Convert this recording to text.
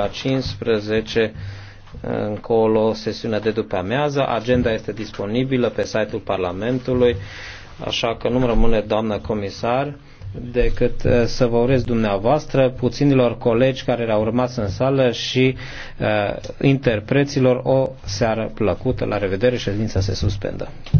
la 15 încolo sesiunea de după amiază. Agenda este disponibilă pe site-ul Parlamentului, așa că nu rămâne, doamnă comisar, decât eh, să vă urez dumneavoastră, puținilor colegi care erau au rămas în sală și uh, interpreților o seară plăcută. La revedere, ședința se suspendă.